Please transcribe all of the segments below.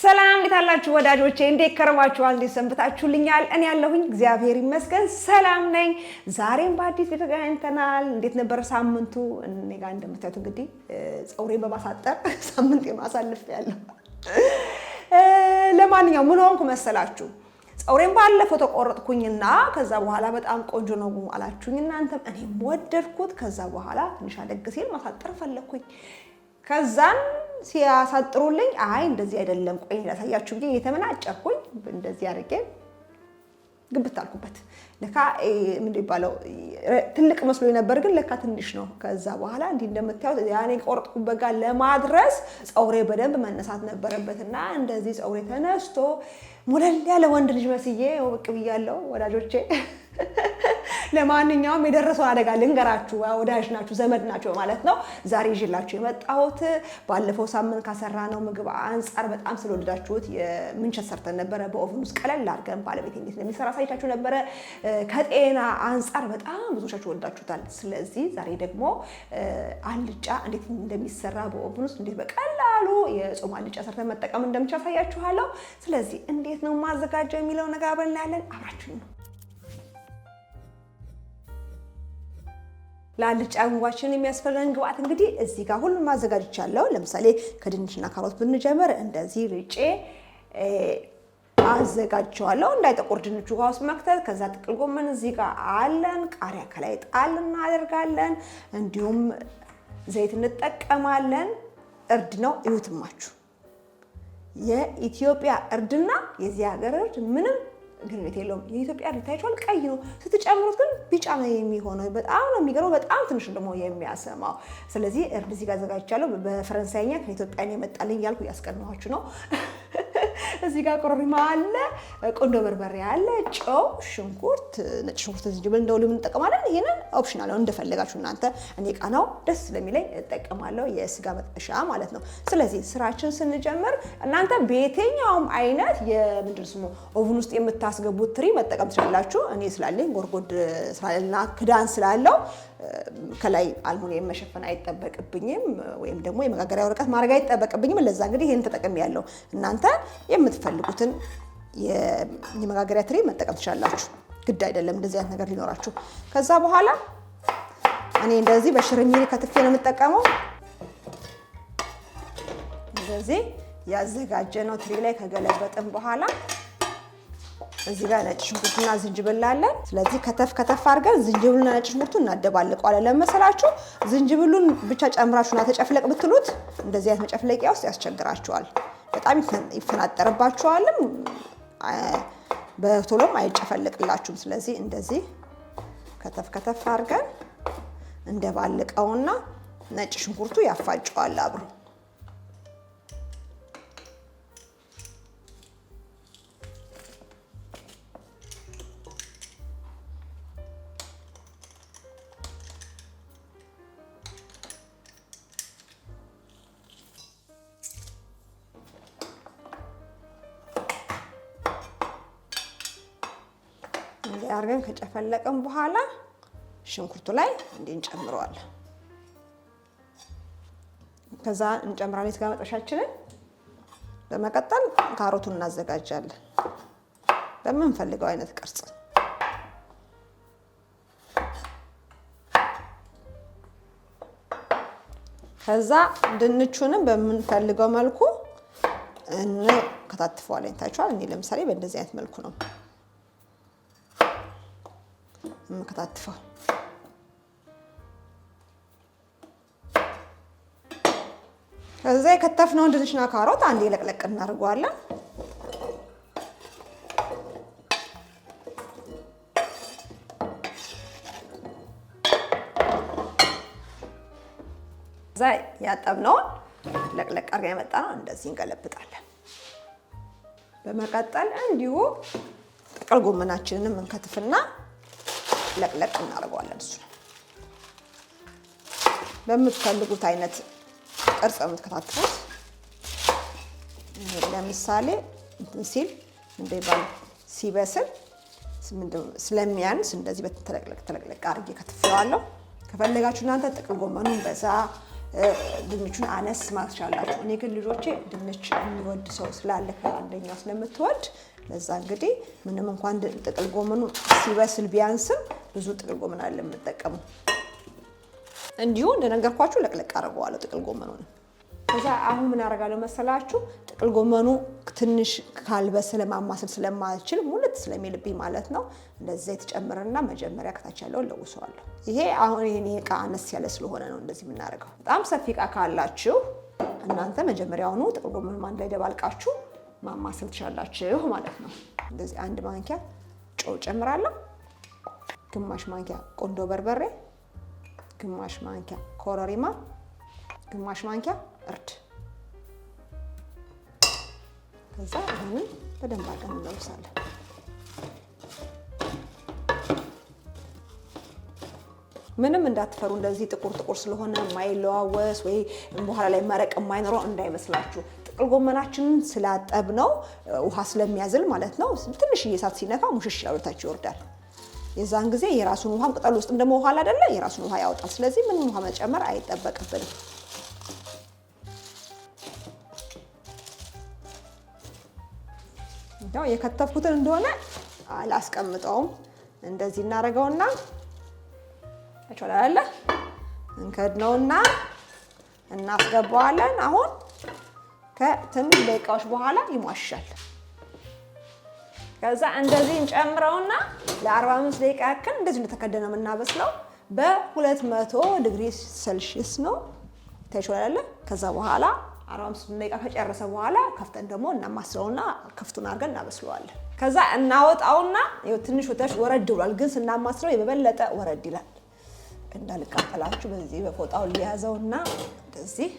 ሰላም እንዴት አላችሁ ወዳጆቼ? እንዴት ከረማችኋል? እንዴት ሰንብታችሁልኛል? እኔ ያለሁኝ እግዚአብሔር ይመስገን ሰላም ነኝ። ዛሬም በአዲስ ተገናኝተናል። እንዴት ነበር ሳምንቱ? እኔ ጋር እንደምታዩት እንግዲህ ፀጉሬን በማሳጠር ሳምንት ማሳልፍ ያለው። ለማንኛውም ምን ሆንኩ መሰላችሁ? ፀጉሬን ባለፈው ተቆረጥኩኝና ከዛ በኋላ በጣም ቆንጆ ነው አላችሁኝ እናንተም፣ እኔም ወደድኩት። ከዛ በኋላ ትንሽ አደግ ሲል ማሳጠር ፈለግኩኝ። ከዛን ሲያሳጥሩልኝ አይ እንደዚህ አይደለም ቆይ ላሳያችሁ ብዬ እየተመናጨኩኝ እንደዚህ አድርጌ ግብት አልኩበት። ለካ ምንድን ይባለው ትልቅ መስሎ ነበር፣ ግን ለካ ትንሽ ነው። ከዛ በኋላ እንዲህ እንደምታዩት ያኔ ቆርጥኩበት ጋር ለማድረስ ፀውሬ በደንብ መነሳት ነበረበት እና እንደዚህ ፀውሬ ተነስቶ ሙለል ያለ ወንድ ልጅ መስዬ ብቅ ወዳጆቼ። ለማንኛውም የደረሰውን አደጋ ልንገራችሁ። ወዳጅ ናችሁ፣ ዘመድ ናቸው ማለት ነው። ዛሬ ይዤላችሁ የመጣሁት ባለፈው ሳምንት ካሰራነው ምግብ አንጻር በጣም ስለወደዳችሁት የምንቸት ሰርተን ነበረ። በኦቨን ውስጥ ቀለል አድርገን ባለቤት እንዴት እንደሚሰራ ሳይቻችሁ ነበረ። ከጤና አንጻር በጣም ብዙዎቻችሁ ወዳችሁታል። ስለዚህ ዛሬ ደግሞ አልጫ እንዴት እንደሚሰራ በኦቨን ውስጥ እንዴት በቀላሉ የጾም አልጫ ሰርተን መጠቀም እንደምቻ ሳያችኋለሁ። ስለዚህ እንዴት ነው የማዘጋጀው የሚለው ነገር አብረን እናያለን። አብራችሁ ነው ለአልጫ ምግባችን የሚያስፈልገን ግብአት እንግዲህ እዚህ ጋር ማዘጋጅ አዘጋጅቻለሁ። ለምሳሌ ከድንችና ካሮት ብንጀምር እንደዚህ ርጬ አዘጋጅቸዋለሁ እንዳይጠቁር ድንቹ ጋር ውስጥ መክተት። ከዛ ጥቅል ጎመን እዚህ ጋር አለን። ቃሪያ ከላይ ጣል እናደርጋለን። እንዲሁም ዘይት እንጠቀማለን። እርድ ነው እዩትማችሁ። የኢትዮጵያ እርድና የዚህ ሀገር እርድ ምንም ግንኙነት የለውም። የኢትዮጵያ አድር ቀይ ነው። ስትጨምሩት ግን ቢጫ ነው የሚሆነው። በጣም ነው የሚገርመው። በጣም ትንሽ ደግሞ የሚያሰማው። ስለዚህ እርድ እዚህ ጋር አዘጋጅቻለሁ። በፈረንሳይኛ ከኢትዮጵያ የመጣልኝ እያልኩ እያስቀናኋችሁ ነው። እዚህ ጋር ቆረሪማ አለ፣ ቆንዶ በርበሬ አለ፣ ጨው፣ ሽንኩርት፣ ነጭ ሽንኩርት፣ ዝንጅብል እንደ ሁሉም እንጠቀማለን። ይህንን ኦፕሽናል ነው እንደፈለጋችሁ እናንተ። እኔ ቃናው ደስ ስለሚለኝ እጠቀማለሁ፣ የስጋ መጥበሻ ማለት ነው። ስለዚህ ስራችን ስንጀምር እናንተ በየትኛውም አይነት የምንድን ስሙ ኦቭን ውስጥ የምታስገቡት ትሪ መጠቀም ትችላላችሁ። እኔ ስላለኝ ጎርጎድ ስላለና ክዳን ስላለው ከላይ አልሙኒየም መሸፈን አይጠበቅብኝም ወይም ደግሞ የመጋገሪያ ወረቀት ማድረግ አይጠበቅብኝም። ለዛ እንግዲህ ይህን ያለው እናንተ የምትፈልጉትን የመጋገሪያ ትሪ መጠቀም ትችላላችሁ። ግድ አይደለም እንደዚህ አይነት ነገር ሊኖራችሁ። ከዛ በኋላ እኔ እንደዚህ በሽርሚሪ ከትፌ ነው የምጠቀመው። እንደዚህ ያዘጋጀ ነው ትሪ ላይ ከገለበጥን በኋላ እዚህ ጋር ነጭ ሽንኩርትና ዝንጅብል አለን። ስለዚህ ከተፍ ከተፍ አድርገን ዝንጅብሉና ነጭ ሽንኩርቱ እናደባልቀዋለን። ለመሰላችሁ ዝንጅብሉን ብቻ ጨምራችሁና ተጨፍለቅ ብትሉት እንደዚህ አይነት መጨፍለቂያ ውስጥ ያስቸግራችኋል። በጣም ይፈናጠርባችኋልም፣ በቶሎም አይጨፈልቅላችሁም። ስለዚህ እንደዚህ ከተፍ ከተፍ አድርገን እንደባልቀውና ነጭ ሽንኩርቱ ያፋጨዋል አብሮ አድርገን ከጨፈለቅን በኋላ ሽንኩርቱ ላይ እንዲህ እንጨምረዋለን። ከዛ እንጨምራለን የስጋ መጥበሻችንን። በመቀጠል ካሮቱን እናዘጋጃለን በምንፈልገው አይነት ቅርጽ ከዛ ድንቹንም በምንፈልገው መልኩ እንከታትፈዋለን። ታችኋል። እኔ ለምሳሌ በእንደዚህ አይነት መልኩ ነው የምከታትፈው። ከዛ የከተፍነውን ድንችና ካሮት አንዴ ለቅለቅ እናደርገዋለን። እዛ ያጠብነውን ለቅለቅ አድርገን የመጣነው እንደዚህ እንገለብጣለን። በመቀጠል እንዲሁ ጥቅል ጎመናችንንም እንከትፍና ለቅለቅ እናደርገዋለን። እሱ በምትፈልጉት አይነት ቅርጽ የምትከታተሉት ለምሳሌ እንትን ሲል እንደ ባል ሲበስል ስለሚያንስ እንደዚህ በተለቅለቅ ተለቅለቅ አድርጌ ከትፈዋለሁ። ከፈለጋችሁ እናንተ ጥቅል ጎመኑን በዛ ድንቹን አነስ ማለት ቻላችሁ። እኔ ግን ልጆቼ ድንች የሚወድ ሰው ስላለ ከአንደኛው ስለምትወድ ለዛ እንግዲህ ምንም እንኳን ጥቅል ጎመኑ ሲበስል ቢያንስም ብዙ ጥቅል ጎመን አለ የምጠቀሙ። እንዲሁ እንደነገርኳችሁ ለቅለቅ አድርገዋለሁ ጥቅል ጎመኑን። ከዛ አሁን ምን አደርጋለሁ መሰላችሁ ጥቅል ጎመኑ ትንሽ ካልበሰለ ማማሰል ስለማልችል ሙለት ስለሚልብኝ ማለት ነው። እንደዛ የተጨመረና መጀመሪያ ከታች ያለውን ለውሰዋለሁ። ይሄ አሁን ይሄን እቃ አነስ ያለ ስለሆነ ነው እንደዚህ የምናደርገው። በጣም ሰፊ እቃ ካላችሁ እናንተ መጀመሪያውኑ ጥቅል ጎመኑ አንድ ላይ ደባልቃችሁ ማማሰል ትችላላችሁ ማለት ነው። እንደዚህ አንድ ማንኪያ ጨው ጨምራለሁ፣ ግማሽ ማንኪያ ቆንዶ በርበሬ፣ ግማሽ ማንኪያ ኮረሪማ፣ ግማሽ ማንኪያ እርድ ከዛ ይህንን በደንብ አድርገን እንለውሳለን። ምንም እንዳትፈሩ። እንደዚህ ጥቁር ጥቁር ስለሆነ የማይለዋወስ ወይ በኋላ ላይ መረቅ የማይኖረው እንዳይመስላችሁ። ጥቅል ጎመናችንን ስላጠብ ነው ውሃ ስለሚያዝል ማለት ነው። ትንሽዬ እሳት ሲነካ ሙሽሽ ያወታችሁ ይወርዳል። የዛን ጊዜ የራሱን ውሃ ቅጠል ውስጥም ደግሞ ውሃ አይደለ የራሱን ውሃ ያወጣል። ስለዚህ ምንም ውሃ መጨመር አይጠበቅብንም። ያው የከተፍኩትን እንደሆነ አላስቀምጠውም። እንደዚህ እናደርገውና ቾላለ እንከድነውና እናስገባዋለን። አሁን ከትንሽ ደቂቃዎች በኋላ ይሟሻል። ከዛ እንደዚህ እንጨምረውና ለ45 ደቂቃ ያክል እንደዚህ እንደተከደነ የምናበስለው በ200 ዲግሪ ሴልሺየስ ነው። ተችላለ ከዛ በኋላ አርባ አምስት ደቂቃ ከጨረሰ በኋላ ከፍተን ደግሞ እናማስለውና ክፍቱን አድርገን እናበስለዋለን። ከዛ እናወጣውና ትንሽ ወተሽ ወረድ ብሏል፣ ግን ስናማስለው የበለጠ ወረድ ይላል። እንዳልቃጠላችሁ በዚህ በፎጣው ሊያዘውና እንደዚህ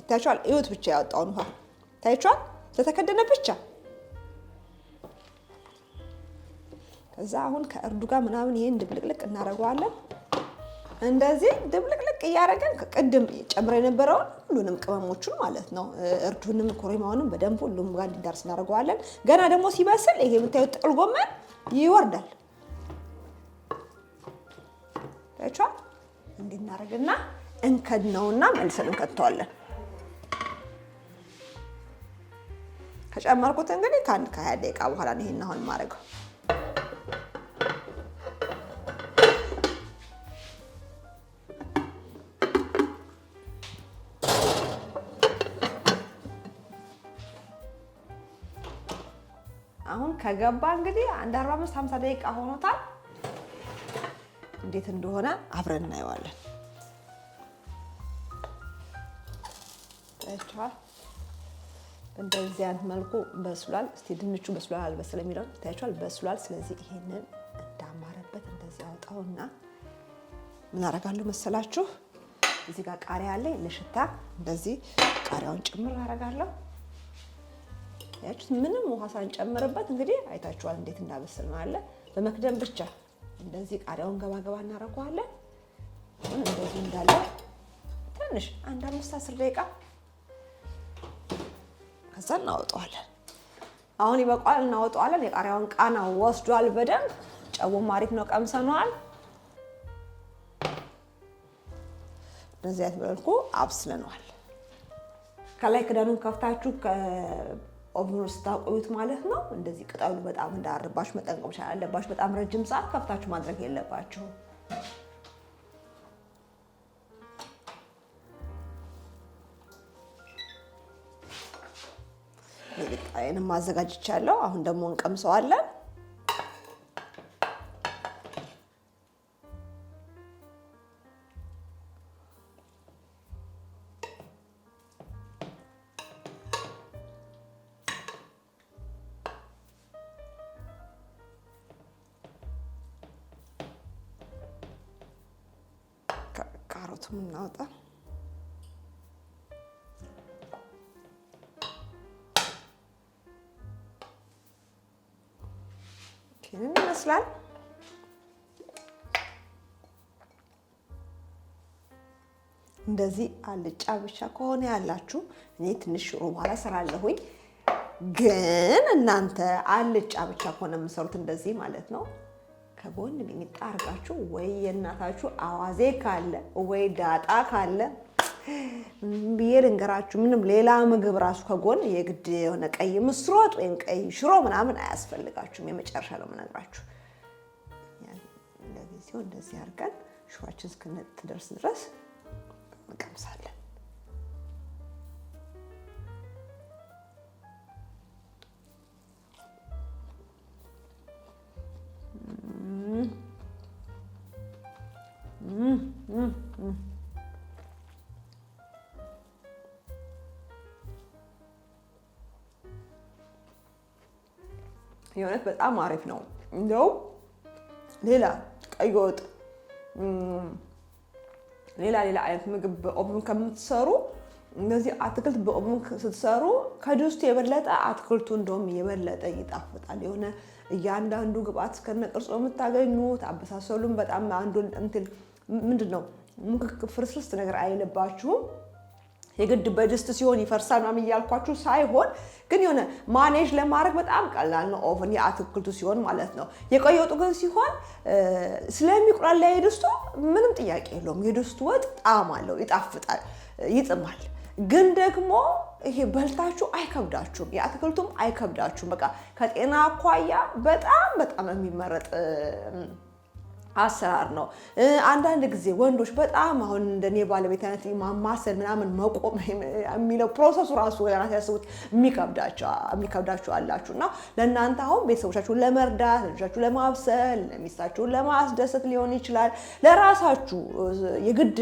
ይታችኋል። እዩት ብቻ ያወጣውን ውሃ ታይቷል። ለተከደነ ብቻ ከዛ አሁን ከእርዱ ጋር ምናምን ይሄን ድብልቅልቅ እናደርገዋለን። እንደዚህ ድብልቅልቅ እያደረገን ቅድም ጨምረ የነበረውን ሁሉንም ቅመሞቹን ማለት ነው እርዱንም ኮሪማውንም በደንብ ሁሉም ጋር እንዲዳርስ እናደርገዋለን። ገና ደግሞ ሲበስል ይሄ የምታዩት ጥቅል ጎመን ይወርዳል። ቻ እንድናደርግና እንከድ ነውና መልሰን እንከተዋለን። ከጨመርኩት እንግዲህ ከአንድ ከሀያ ደቂቃ በኋላ ነው ይሄን አሁን የማደርገው። አሁን ከገባ እንግዲህ አንድ 45 50 ደቂቃ ሆኖታል። እንዴት እንደሆነ አብረን እናየዋለን። ታያችኋል። እንደዚህ አይነት መልኩ በስሏል። እስቲ ድንቹ በስሏል አልበሰለ የሚለውን ታያችኋል። በስሏል። ስለዚህ ይሄንን እንዳማረበት እንደዚህ አውጣውና ምን አደርጋለሁ መሰላችሁ? እዚህ ጋር ቃሪያ አለኝ ለሽታ። እንደዚህ ቃሪያውን ጭምር አደርጋለሁ። ያችሁት ምንም ውሃ ሳንጨምርበት እንግዲህ አይታችኋል እንዴት እንዳበስል ነው አለ። በመክደን ብቻ እንደዚህ ቃሪያውን ገባገባ እናደርገዋለን። አሁን እንደዚህ እንዳለ ትንሽ አንድ አምስት አስር ደቂቃ ከዛ እናወጣዋለን። አሁን ይበቋል፣ እናወጣዋለን። የቃሪያውን ቃና ወስዷል በደንብ ጨውም አሪፍ ነው፣ ቀምሰነዋል። በዚያ መልኩ አብስለነዋል። ከላይ ክዳኑን ከፍታችሁ ኦቨር ስታቆዩት ማለት ነው። እንደዚህ ቅጠሉ በጣም እንዳርባሽ መጠንቀቅ መቻል አለባችሁ። በጣም ረጅም ሰዓት ከፍታችሁ ማድረግ የለባችሁ። ጣይንም ማዘጋጅቻለሁ። አሁን ደግሞ እንቀምሰዋለን። ፓርቱን እናውጣ። ይመስላል። እንደዚህ አልጫ ብቻ ከሆነ ያላችሁ እኔ ትንሽ ሽሮ በኋላ ስራለሁኝ፣ ግን እናንተ አልጫ ብቻ ከሆነ የምሰሩት እንደዚህ ማለት ነው ከጎን ሚጣ አርጋችሁ ወይ የእናታችሁ አዋዜ ካለ ወይ ዳጣ ካለ ብዬ ልንገራችሁ፣ ምንም ሌላ ምግብ ራሱ ከጎን የግድ የሆነ ቀይ ምስር ወጥ ወይም ቀይ ሽሮ ምናምን አያስፈልጋችሁም። የመጨረሻ ነው የምነግራችሁ። ለጊዜው እንደዚህ አድርገን ሽሯችን እስክትደርስ ድረስ እንቀምሳለን። የእውነት በጣም አሪፍ ነው። እንደው ሌላ ቀይ ወጥ፣ ሌላ ሌላ አይነት ምግብ በኦቭን ከምትሰሩ እነዚህ አትክልት በኦቭን ስትሰሩ ከድስቱ የበለጠ አትክልቱ እንደውም የበለጠ ይጣፍጣል። የሆነ እያንዳንዱ ግብአት ቅርጾ የምታገኙት አበሳሰሉም በጣም አንዱን እንትን ምንድን ነው ፍርስርስ ነገር አይልባችሁም። የግድ በድስት ሲሆን ይፈርሳል ምናምን እያልኳችሁ ሳይሆን ግን የሆነ ማኔጅ ለማድረግ በጣም ቀላል ነው። ኦቨን የአትክልቱ ሲሆን ማለት ነው። የቀይ ወጡ ግን ሲሆን ስለሚቁላላ ላይ የድስቱ ምንም ጥያቄ የለውም። የድስቱ ወጥ ጣዕም አለው፣ ይጣፍጣል፣ ይጥማል። ግን ደግሞ ይሄ በልታችሁ አይከብዳችሁም፣ የአትክልቱም አይከብዳችሁም። በቃ ከጤና አኳያ በጣም በጣም የሚመረጥ አሰራር ነው። አንዳንድ ጊዜ ወንዶች በጣም አሁን እንደኔ ባለቤት አይነት ማማሰል ምናምን መቆም የሚለው ፕሮሰሱ ራሱ ራስ ያስቡት የሚከብዳቸው አላችሁ እና ለእናንተ አሁን ቤተሰቦቻችሁን ለመርዳት ልጆቻችሁ ለማብሰል ሚስታችሁን ለማስደሰት ሊሆን ይችላል። ለራሳችሁ የግድ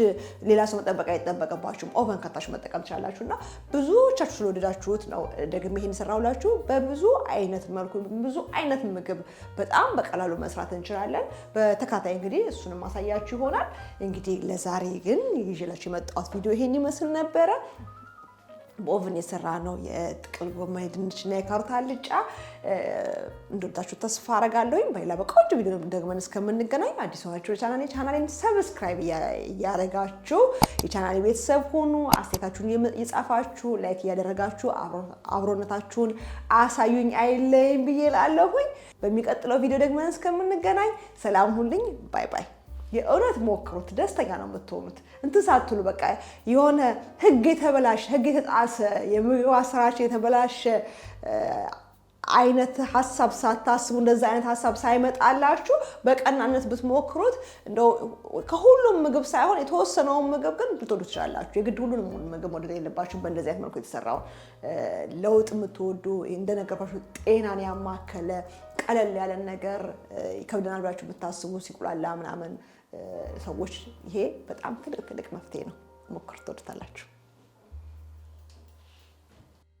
ሌላ ሰው መጠበቅ አይጠበቅባችሁም። ኦቨን ከታችሁ መጠቀም ትችላላችሁ እና ብዙዎቻችሁ ስለወደዳችሁት ነው ደግሜ ይሄን ሰራሁላችሁ። በብዙ አይነት መልኩ ብዙ አይነት ምግብ በጣም በቀላሉ መስራት እንችላለን። በተካ ተከታታይ እንግዲህ እሱንም ማሳያችሁ ይሆናል። እንግዲህ ለዛሬ ግን ይዤላችሁ የመጣሁት ቪዲዮ ይሄን ይመስል ነበረ። በኦቭን የሰራ ነው የጥቅል ጎመን የድንችና የካሮት አልጫ እንደወዳችሁ ተስፋ አረጋለሁኝ። በሌላ በቆንጆ ቪዲዮ ደግመን እስከምንገናኝ አዲስ ሆናችሁ ቻናሌ ቻናሌን ሰብስክራይብ እያደረጋችሁ የቻናል ቤተሰብ ሆኑ። አስተያየታችሁን የጻፋችሁ ላይክ እያደረጋችሁ አብሮነታችሁን አሳዩኝ፣ አይለይም ብዬ ላለሁኝ። በሚቀጥለው ቪዲዮ ደግመን እስከምንገናኝ ሰላም ሁልኝ። ባይ ባይ። የእውነት ሞክሩት። ደስተኛ ነው የምትሆኑት። እንትን ሳትሉ በቃ የሆነ ህግ የተበላሸ ህግ የተጣሰ የምግብ አሰራሽ የተበላሸ አይነት ሀሳብ ሳታስቡ እንደዚ አይነት ሀሳብ ሳይመጣላችሁ በቀናነት ብትሞክሩት እንደው ከሁሉም ምግብ ሳይሆን የተወሰነውን ምግብ ግን ብትወዱ ትችላላችሁ። የግድ ሁሉንም ምግብ ወደ የለባችሁ በእንደዚህ አይነት መልኩ የተሰራውን ለውጥ የምትወዱ እንደነገርኳችሁ ጤናን ያማከለ ቀለል ያለን ነገር ይከብደናል ብላችሁ ብታስቡ ሲቁላላ ምናምን ሰዎች ይሄ በጣም ትልቅ ትልቅ መፍትሄ ነው። ሞክር ትወድታላችሁ።